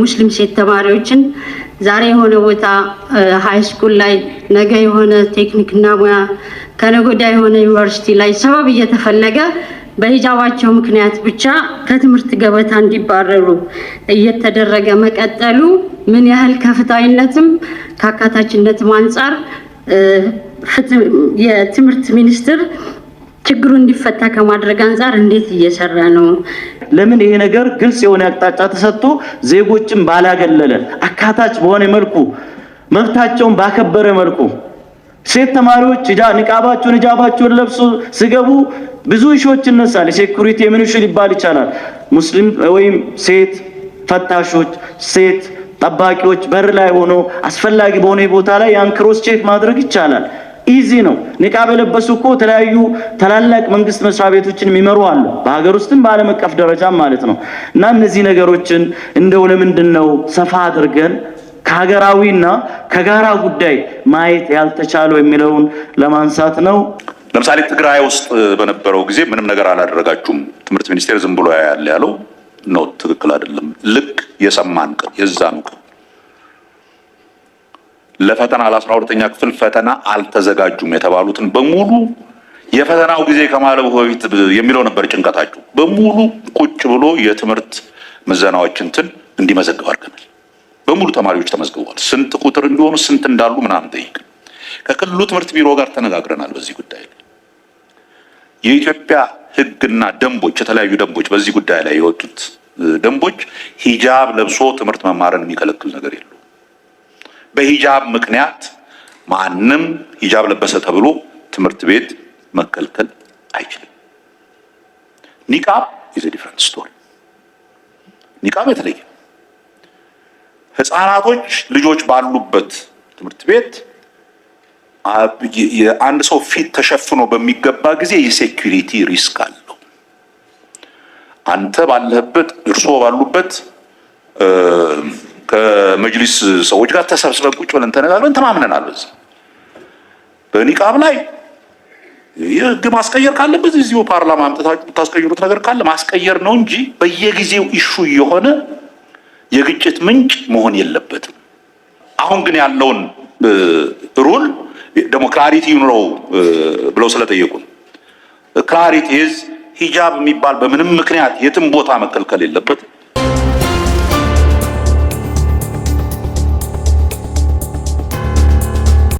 ሙስሊም ሴት ተማሪዎችን ዛሬ የሆነ ቦታ ሀይ ስኩል ላይ ነገ የሆነ ቴክኒክና ሙያ ከነጎዳ የሆነ ዩኒቨርሲቲ ላይ ሰበብ እየተፈለገ በሂጃባቸው ምክንያት ብቻ ከትምህርት ገበታ እንዲባረሩ እየተደረገ መቀጠሉ ምን ያህል ከፍትሃዊነትም ከአካታችነትም አንጻር የትምህርት ሚኒስቴር ችግሩ እንዲፈታ ከማድረግ አንጻር እንዴት እየሰራ ነው? ለምን ይሄ ነገር ግልጽ የሆነ አቅጣጫ ተሰጥቶ ዜጎችን ባላገለለ አካታች በሆነ መልኩ መብታቸውን ባከበረ መልኩ ሴት ተማሪዎች ንቃባቸውን ሂጃባቸውን ለብሶ ሲገቡ ብዙ እሾች ይነሳል። ሴኩሪቲ የምን እሹ ሊባል ይቻላል። ሙስሊም ወይም ሴት ፈታሾች፣ ሴት ጠባቂዎች በር ላይ ሆኖ አስፈላጊ በሆነ ቦታ ላይ ያን ክሮስ ቼክ ማድረግ ይቻላል። ኢዚ ነው። ኒቃብ የለበሱ እኮ የተለያዩ ታላላቅ መንግስት መስሪያ ቤቶችን የሚመሩ አሉ፣ በሀገር ውስጥም በዓለም አቀፍ ደረጃም ማለት ነው። እና እነዚህ ነገሮችን እንደው ለምንድን ነው ሰፋ አድርገን ከሀገራዊና ከጋራ ጉዳይ ማየት ያልተቻለው የሚለውን ለማንሳት ነው። ለምሳሌ ትግራይ ውስጥ በነበረው ጊዜ ምንም ነገር አላደረጋችሁም፣ ትምህርት ሚኒስቴር ዝም ብሎ ያለ ያለው ነው። ትክክል አይደለም። ልክ የሰማን ቀን ቀን ለፈተና ለአስራ ሁለተኛ ክፍል ፈተና አልተዘጋጁም የተባሉትን በሙሉ የፈተናው ጊዜ ከማለ በፊት የሚለው ነበር ጭንቀታችሁ። በሙሉ ቁጭ ብሎ የትምህርት ምዘናዎችንትን እንዲመዘግብ አድርገናል። በሙሉ ተማሪዎች ተመዝግበዋል። ስንት ቁጥር እንዲሆኑ ስንት እንዳሉ ምናምን ጠይቅ ከክልሉ ትምህርት ቢሮ ጋር ተነጋግረናል። በዚህ ጉዳይ ላይ የኢትዮጵያ ሕግና ደንቦች የተለያዩ ደንቦች በዚህ ጉዳይ ላይ የወጡት ደንቦች ሂጃብ ለብሶ ትምህርት መማርን የሚከለክል ነገር የለም። በሂጃብ ምክንያት ማንም ሂጃብ ለበሰ ተብሎ ትምህርት ቤት መከልከል አይችልም። ኒቃብ ኢዝ ዲፍረንት ስቶሪ። ኒቃብ የተለየ ህፃናቶች ልጆች ባሉበት ትምህርት ቤት የአንድ ሰው ፊት ተሸፍኖ በሚገባ ጊዜ የሴኩሪቲ ሪስክ አለው። አንተ ባለህበት እርስዎ ባሉበት ከመጅሊስ ሰዎች ጋር ተሰብስበን ቁጭ ብለን ተነጋግረን ተማምነናል። በዚህ በኒቃብ ላይ የህግ ማስቀየር ካለበት እዚሁ ፓርላማ አምጥታችሁ የምታስቀይሩት ነገር ካለ ማስቀየር ነው እንጂ በየጊዜው ኢሹ የሆነ የግጭት ምንጭ መሆን የለበትም። አሁን ግን ያለውን ሩል ደግሞ ክላሪቲ ይኑረው ብለው ስለጠየቁን ክላሪቲ ሂጃብ የሚባል በምንም ምክንያት የትም ቦታ መከልከል የለበትም።